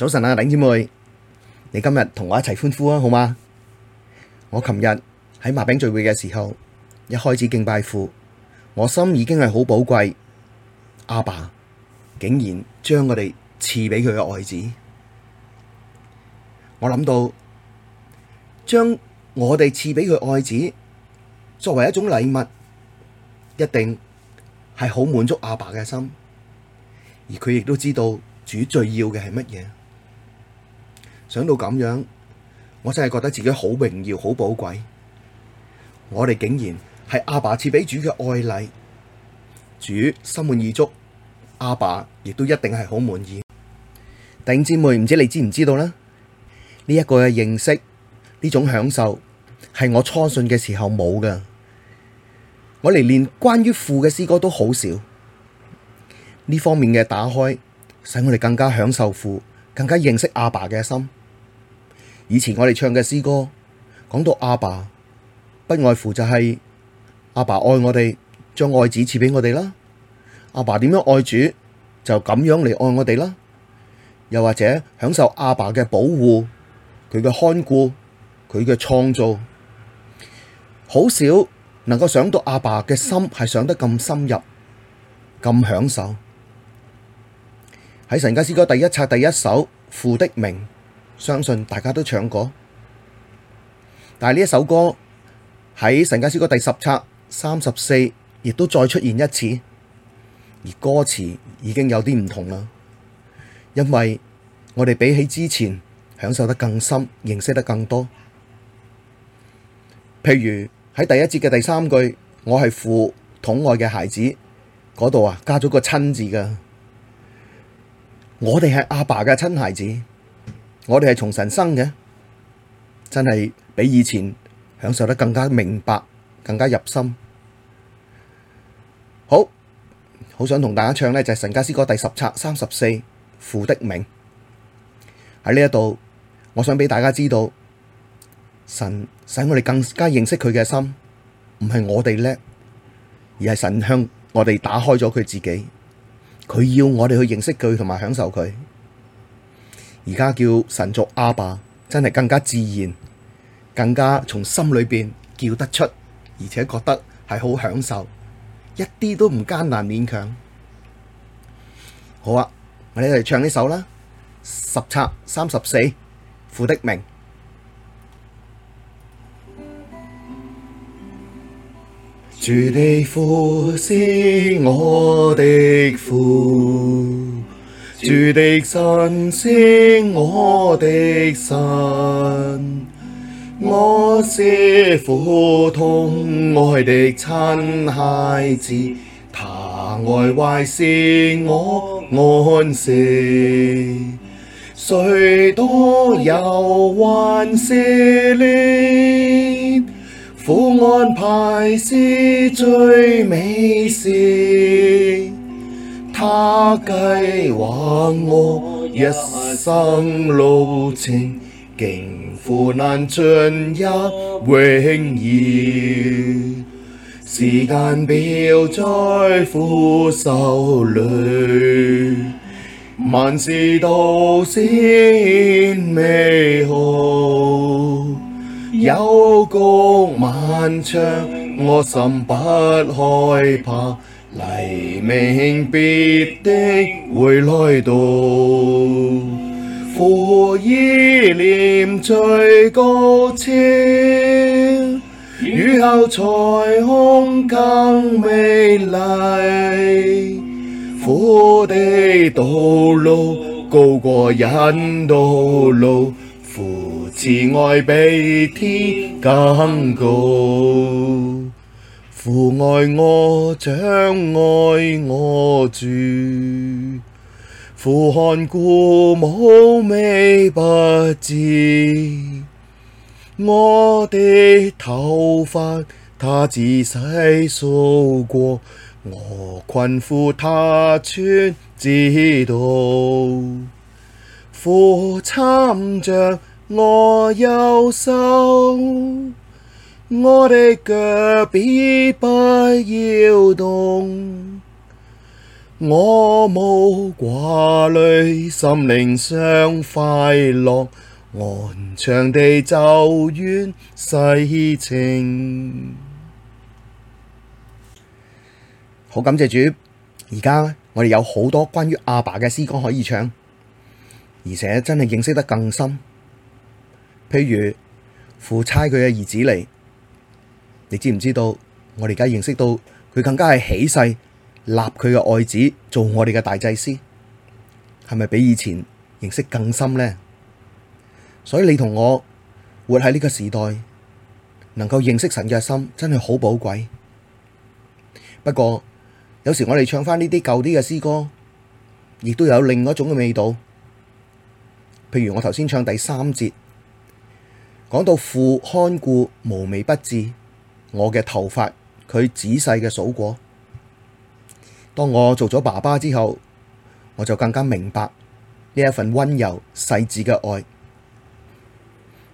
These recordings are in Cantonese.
早晨啊，頂姐妹，你今日同我一齊歡呼啊，好嗎？我琴日喺擘餅聚會嘅時候，一開始敬拜父，我心已經係好寶貴。阿爸竟然將我哋賜俾佢嘅愛子，我諗到將我哋賜俾佢愛子，作為一種禮物，一定係好滿足阿爸嘅心，而佢亦都知道主最要嘅係乜嘢。想到咁樣，我真係覺得自己好榮耀、好寶貴。我哋竟然係阿爸賜俾主嘅愛禮，主心滿意足，阿爸亦都一定係好滿意。弟兄姊妹，唔知你知唔知道呢？呢、呢、一個嘅認識，呢種享受，係我初信嘅時候冇㗎。我哋連關於父嘅詩歌都好少，呢方面嘅打開，使我哋更加享受父，更加認識阿爸嘅心。以前我哋唱嘅詩歌，講到阿爸，不外乎就係、是、阿爸愛我哋，將愛子賜俾我哋啦。阿爸點樣愛主，就咁樣嚟愛我哋啦。又或者享受阿爸嘅保護，佢嘅看顧，佢嘅創造，好少能夠想到阿爸嘅心係想得咁深入，咁享受。喺神家詩歌第一冊第一首父的名。相信大家都唱過，但係呢一首歌喺《神家詩歌》第十冊三十四，亦都再出現一次，而歌詞已經有啲唔同啦。因為我哋比起之前享受得更深，認識得更多。譬如喺第一節嘅第三句，我係父疼愛嘅孩子嗰度啊，加咗個親字㗎，我哋係阿爸嘅親孩子。我哋係從神生嘅，真係比以前享受得更加明白，更加入心。好，好想同大家唱呢，就係、是《神家詩歌》第十冊三十四父的名。喺呢一度，我想俾大家知道，神使我哋更加認識佢嘅心，唔係我哋叻，而係神向我哋打開咗佢自己。佢要我哋去認識佢，同埋享受佢。而家叫神作阿爸，真係更加自然，更加從心裏邊叫得出，而且覺得係好享受，一啲都唔艱難勉強。好啊，我哋嚟唱呢首啦，《十冊三十四父的名》，主的父是我的父。主的神是我的神，我是父疼愛的親孩子，他愛懷是我安息，雖多憂患試煉，父安排是最美善。他計劃我一生路程，經苦難進入榮耀，時間表在父手裡，萬事到時顯美好，幽谷漫長，我心不害怕。黎明必定會來到，父意念最高超，雨後彩虹更美麗。父的道路高過人道路，父慈愛比天更高。父愛我像愛我主，父看顧無微不至，我的頭髮他仔細數過，我困苦他全知道，父攙着我右手。我的腳必不搖動，我無掛慮，心靈常快樂，安祥地走完世程。好感謝主，而家我哋有好多關於阿爸嘅詩歌可以唱，而且真係認識得更深。譬如父差佢嘅兒子嚟。你知唔知道？我哋而家認識到佢更加係起誓立佢嘅愛子做我哋嘅大祭司，係咪比以前認識更深呢？所以你同我活喺呢個時代，能夠認識神嘅心，真係好寶貴。不過有時我哋唱返呢啲舊啲嘅詩歌，亦都有另一種嘅味道。譬如我頭先唱第三節，講到父看顧無微不至。我嘅頭髮，佢仔細嘅數過。當我做咗爸爸之後，我就更加明白呢一份溫柔細緻嘅愛。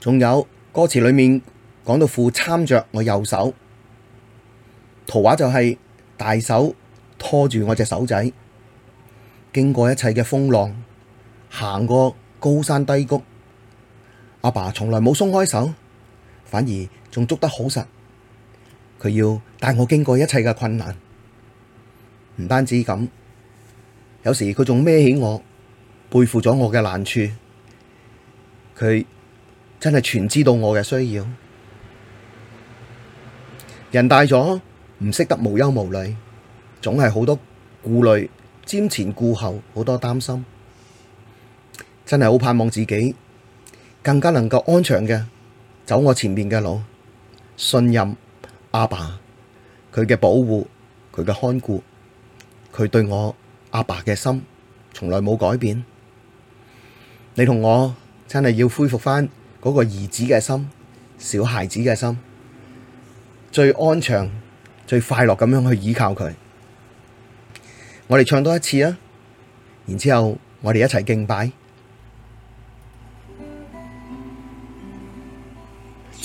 仲有歌詞裏面講到父攙著我右手，圖畫就係大手拖住我隻手仔，經過一切嘅風浪，行過高山低谷，阿爸從來冇鬆開手，反而仲捉得好實。佢要帶我經過一切嘅困難，唔單止咁，有時佢仲孭起我，背負咗我嘅難處。佢真係全知道我嘅需要。人大咗唔識得無憂無慮，總係好多顧慮、瞻前顧後，好多擔心。真係好盼望自己更加能夠安詳嘅走我前面嘅路，信任。阿爸，佢嘅保護，佢嘅看顧，佢對我阿爸嘅心，從來冇改變。你同我真係要恢復返嗰個兒子嘅心，小孩子嘅心，最安詳、最快樂咁樣去依靠佢。我哋唱多一次啊，然之後我哋一齊敬拜。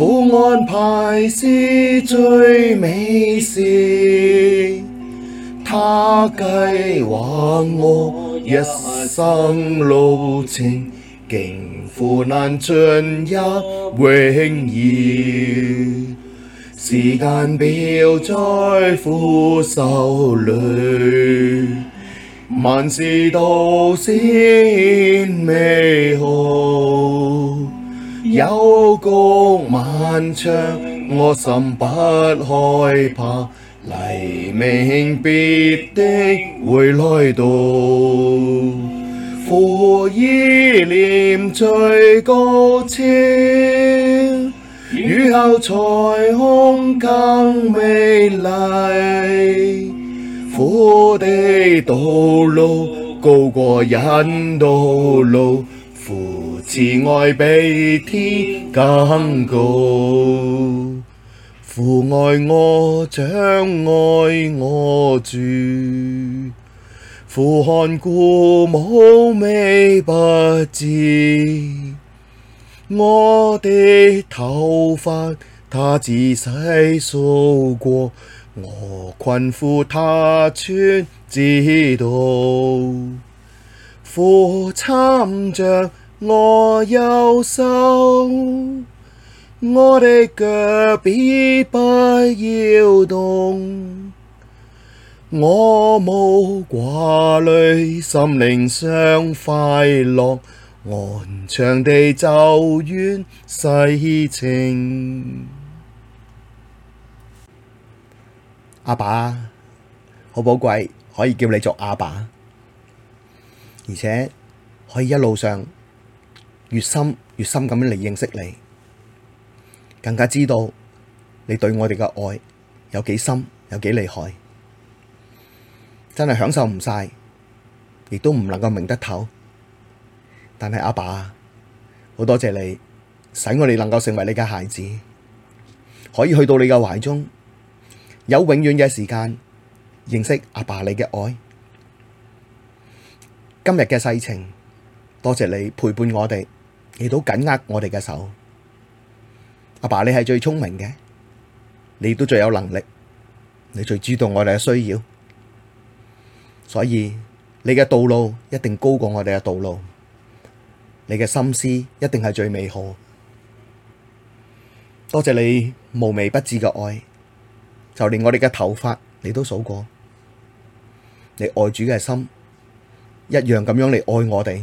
父安排是最美善，他計劃我一生路程，經苦難進入榮耀。時間表在父手裡，萬事到時顯美好。幽谷漫長，我心不害怕。黎明必定會來到，父意念最高超，雨後彩虹更美麗。父的道路高過人道路。父慈愛比天更高，父愛我像愛我主，父看顧無微不至，我的頭髮他仔細數過，我困苦他全知道，父攙著。我右手，我的腳必不搖動，我無掛慮，心靈常快樂，安祥地走完世程。阿爸，好寶貴，可以叫你做阿爸，而且可以一路上。越深越深咁樣嚟認識你，更加知道你對我哋嘅愛有幾深，有幾厲害，真係享受唔晒，亦都唔能夠明得透。但係阿爸，爸，好多謝你，使我哋能夠成為你嘅孩子，可以去到你嘅懷中，有永遠嘅時間認識阿爸，爸你嘅愛。今日嘅世情，多謝你陪伴我哋。你都緊握我哋嘅手，阿爸爸，你係最聰明嘅，你都最有能力，你最知道我哋嘅需要，所以你嘅道路一定高過我哋嘅道路，你嘅心思一定係最美好。多謝你無微不至嘅愛，就連我哋嘅頭髮你都數過，你愛主嘅心一樣咁樣嚟愛我哋。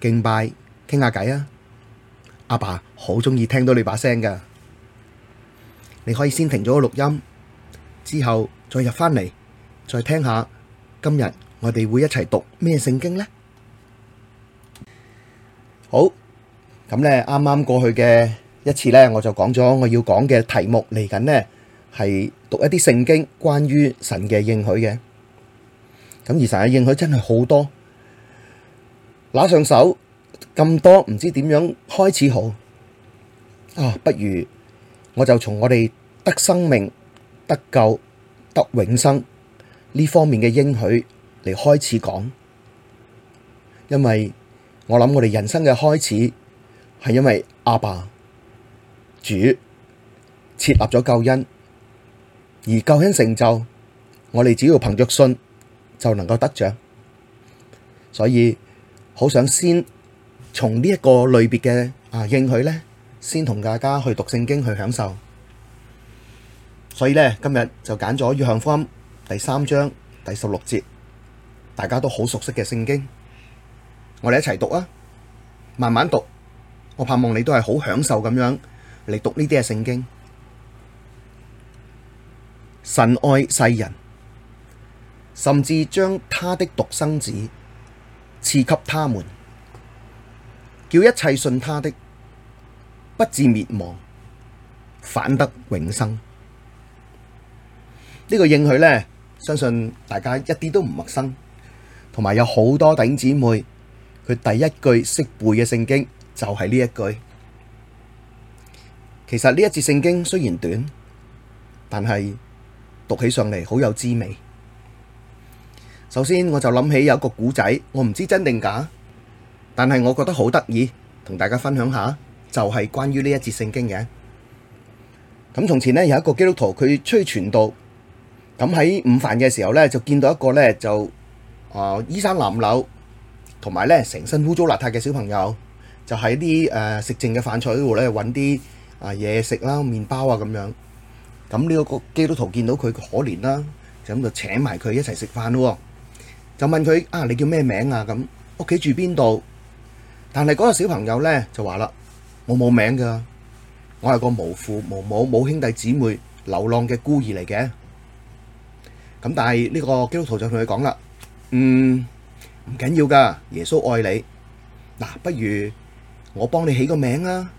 敬拜，傾下偈啊！阿爸好鍾意聽到你把聲噶，你可以先停咗個錄音，之後再入翻嚟，再聽下今日我哋會一齊讀咩聖經呢？好，咁呢啱啱過去嘅一次呢，我就講咗我要講嘅題目，嚟緊呢係讀一啲聖經關於神嘅應許嘅，咁而神嘅應許真係好多。拿上手咁多，唔知點樣開始好啊？不如我就從我哋得生命、得救、得永生呢方面嘅應許嚟開始講，因為我諗我哋人生嘅開始係因為阿爸主設立咗救恩，而救恩成就，我哋只要憑着信就能夠得獎，所以。好想先從呢一個類別嘅啊應許呢，先同大家去讀聖經去享受。所以呢，今日就揀咗約翰福音第三章第十六節，大家都好熟悉嘅聖經，我哋一齊讀啊，慢慢讀。我盼望你都係好享受咁樣嚟讀呢啲嘅聖經。神愛世人，甚至將他的獨生子。賜給他們，叫一切信他的，不至滅亡，反得永生。呢個應許呢，相信大家一啲都唔陌生，同埋有好多弟兄姊妹，佢第一句識背嘅聖經就係呢一句。其實呢一節聖經雖然短，但係讀起上嚟，好有滋味。首先我就諗起有一個古仔，我唔知真定假，但係我覺得好得意，同大家分享下，就係、是、關於呢一節聖經嘅。咁從前呢，有一個基督徒，佢出去傳道，咁喺午飯嘅時候呢，就見到一個呢，就衣衫襤褸，同、呃、埋呢成身污糟邋遢嘅小朋友，就喺啲誒食剩嘅飯菜嗰度呢，揾啲啊嘢食啦、麵包啊咁樣。咁呢個基督徒見到佢可憐啦，就咁就請埋佢一齊食飯咯。就問佢啊，你叫咩名啊？咁屋企住邊度？但係嗰個小朋友呢，就話啦，我冇名噶，我係個無父無母冇兄弟姊妹流浪嘅孤兒嚟嘅。咁但係呢個基督徒就同佢講啦，嗯，唔緊要噶，耶穌愛你。嗱，啊，不如我幫你起個名啊，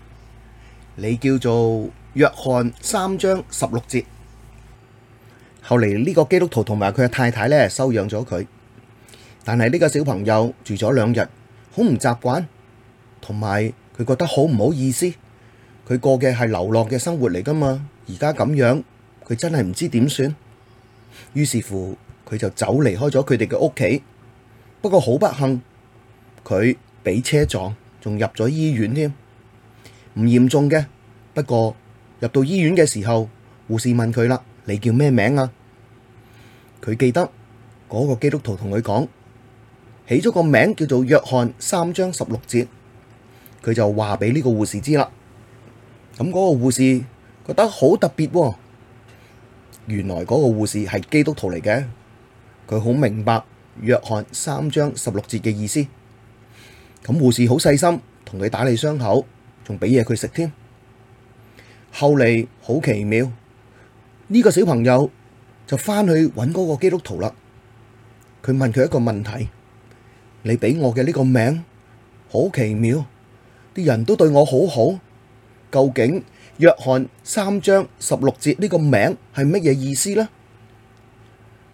你叫做約翰三章十六節。後嚟呢個基督徒同埋佢嘅太太呢，收養咗佢。但係呢個小朋友住咗兩日，好唔習慣，同埋佢覺得好唔好意思，佢過嘅係流浪嘅生活嚟噶嘛，而家咁樣，佢真係唔知點算。於是乎，佢就走離開咗佢哋嘅屋企。不過好不幸，佢俾車撞，仲入咗醫院添，唔嚴重嘅。不過入到醫院嘅時候，護士問佢啦：你叫咩名啊？佢記得嗰個基督徒同佢講。起咗個名叫做約翰三章十六節，佢就話俾呢個護士知啦。咁嗰個護士覺得好特別，哦，原來嗰個護士係基督徒嚟嘅，佢好明白約翰三章十六節嘅意思。咁護士好細心，同佢打理傷口，仲俾嘢佢食添。後嚟好奇妙，呢、這個小朋友就翻去揾嗰個基督徒啦。佢問佢一個問題。你畀我嘅呢個名，好奇妙，啲人都對我好好。究竟約翰三章十六節呢個名係乜嘢意思呢？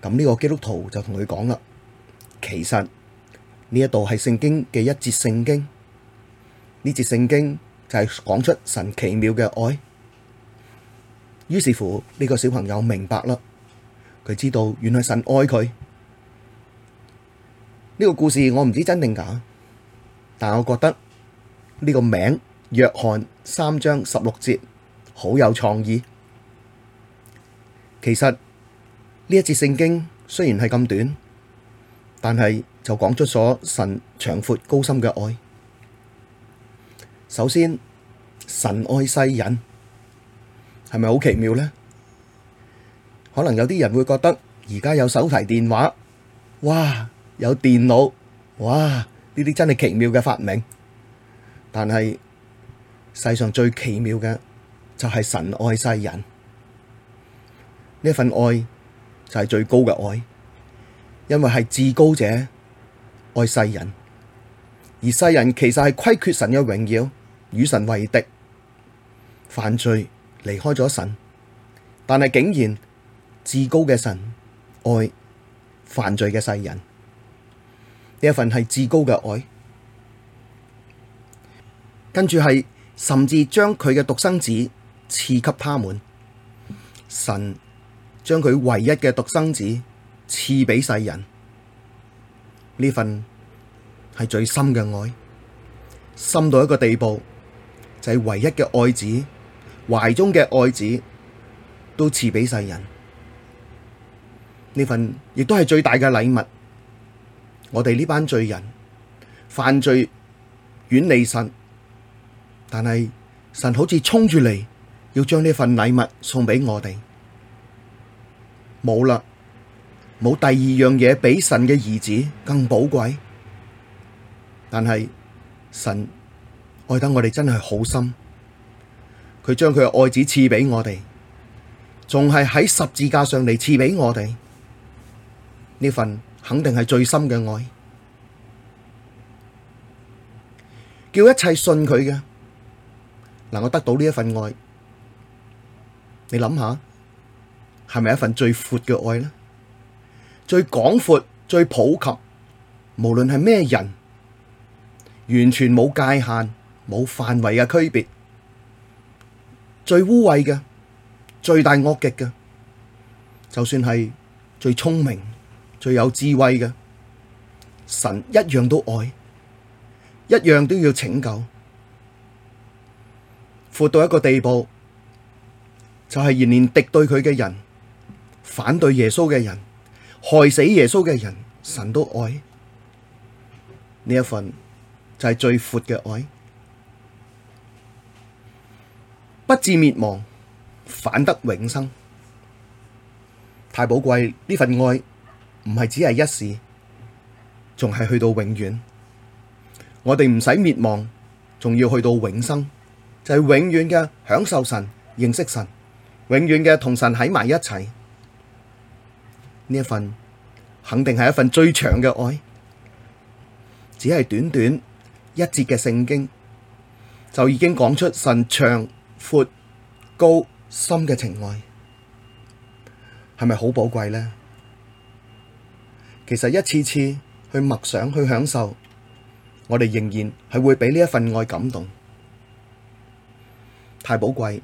咁呢個基督徒就同佢講啦，其實呢一度係聖經嘅一節聖經，呢節聖經就係講出神奇妙嘅愛。於是乎，呢個小朋友明白啦，佢知道原來神愛佢。呢個故事我唔知真定假，但我覺得呢個名《約翰三章十六節》好有創意。其實呢一節聖經雖然係咁短，但係就講出咗神長闊高深嘅愛。首先，神愛世人，係咪好奇妙呢？可能有啲人會覺得，而家有手提電話，哇！有電腦，哇！呢啲真係奇妙嘅發明。但係世上最奇妙嘅就係神愛世人，呢份愛就係最高嘅愛，因為係至高者愛世人，而世人其實係虧缺神嘅榮耀，與神為敵，犯罪離開咗神。但係竟然至高嘅神愛犯罪嘅世人。呢一份係至高嘅愛，跟住係甚至將佢嘅獨生子賜給他們。神將佢唯一嘅獨生子賜俾世人，呢份係最深嘅愛，深到一個地步，就係、是、唯一嘅愛子，懷中嘅愛子都賜俾世人。呢份亦都係最大嘅禮物。我哋呢班罪人犯罪遠離神，但係神好似衝住嚟，要將呢份禮物送俾我哋。冇啦，冇第二樣嘢比神嘅兒子更寶貴。但係神愛得我哋真係好深，佢將佢嘅愛子賜俾我哋，仲係喺十字架上嚟賜俾我哋呢份。肯定係最深嘅愛，叫一切信佢嘅，能夠得到呢一份愛，你諗下，係咪一份最闊嘅愛呢？最廣闊、最普及，無論係咩人，完全冇界限、冇範圍嘅區別，最污穢嘅、最大惡極嘅，就算係最聰明。最有智慧嘅神一樣都愛，一樣都要拯救。闊到一個地步，就係連連敵對佢嘅人、反對耶穌嘅人、害死耶穌嘅人，神都愛。呢一份就係最闊嘅愛，不致滅亡，反得永生。太寶貴呢份愛。唔係只係一時，仲係去到永遠。我哋唔使滅亡，仲要去到永生，就係永遠嘅享受神、認識神，永遠嘅同神喺埋一齊。呢一份肯定係一份最長嘅愛，只係短短一節嘅聖經就已經講出神長、闊、高、深嘅情愛，係咪好寶貴呢？其實一次次去默想、去享受，我哋仍然係會俾呢一份愛感動，太寶貴。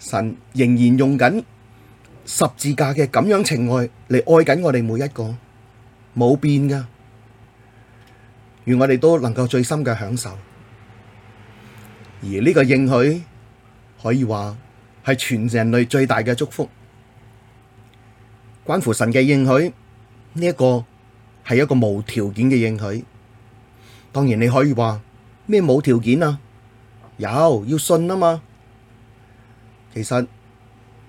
神仍然用緊十字架嘅咁樣情愛嚟愛緊我哋每一個，冇變㗎。願我哋都能夠最深嘅享受，而呢個應許可以話係全人類最大嘅祝福，關乎神嘅應許。呢一個係一個無條件嘅應許，當然你可以話咩冇條件啊？有，要信啊嘛。其實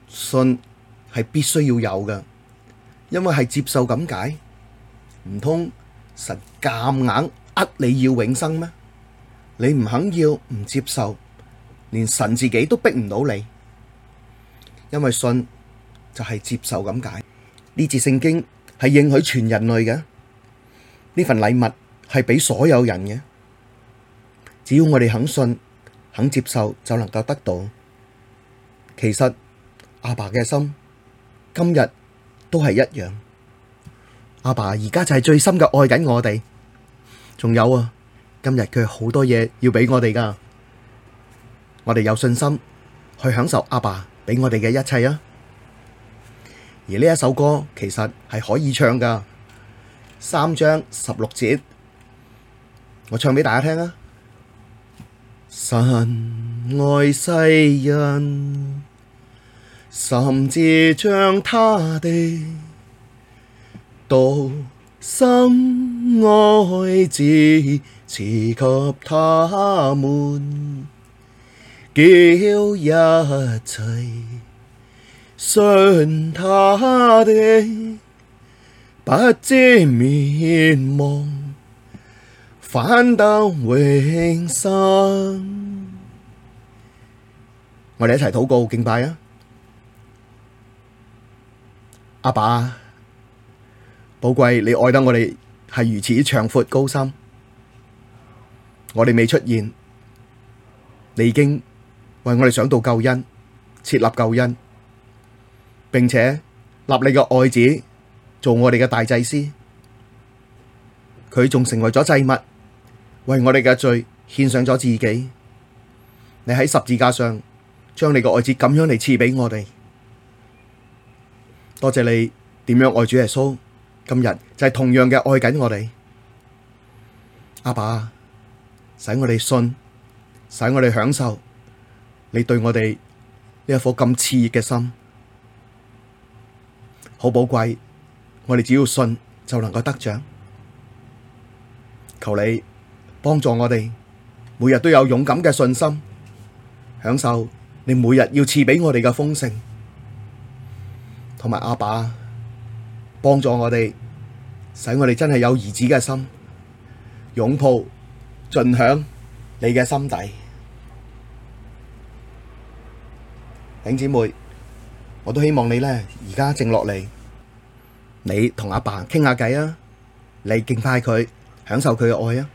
信係必須要有嘅，因為係接受咁解。唔通神咁硬呃你要永生咩？你唔肯要唔接受，連神自己都逼唔到你，因為信就係接受咁解。呢節聖經。係應許全人類嘅，呢份禮物係畀所有人嘅，只要我哋肯信、肯接受就能夠得到。其實阿爸嘅心今日都係一樣，阿爸而家就係最深嘅愛緊我哋。仲有啊，今日佢好多嘢要畀我哋噶，我哋有信心去享受阿爸畀我哋嘅一切啊！而呢一首歌其實係可以唱㗎，三章十六節，我唱畀大家聽啊！神愛世人，甚至將他的獨生愛子賜給他們，叫一切，信他的，不致滅亡，反得永生。我哋一齊禱告敬拜啊！阿爸，寶貴你愛得我哋係如此長闊高深，我哋未出現，你已經為我哋想到救恩，設立救恩。並且立你嘅愛子做我哋嘅大祭司，佢仲成為咗祭物，為我哋嘅罪獻上咗自己。你喺十字架上將你嘅愛子咁樣嚟賜俾我哋，多謝你點樣愛主耶穌，今日就係同樣嘅愛緊我哋，阿爸，爸使我哋信，使我哋享受你對我哋呢一顆咁熾熱嘅心。好寶貴，我哋只要信就能夠得獎。求你幫助我哋，每日都有勇敢嘅信心，享受你每日要賜畀我哋嘅豐盛，同埋阿爸幫助我哋，使我哋真係有兒子嘅心，擁抱盡享你嘅心底。兄姊妹。我都希望你呢而家靜落嚟，你同阿爸傾下偈啊！你敬拜佢，享受佢嘅愛啊！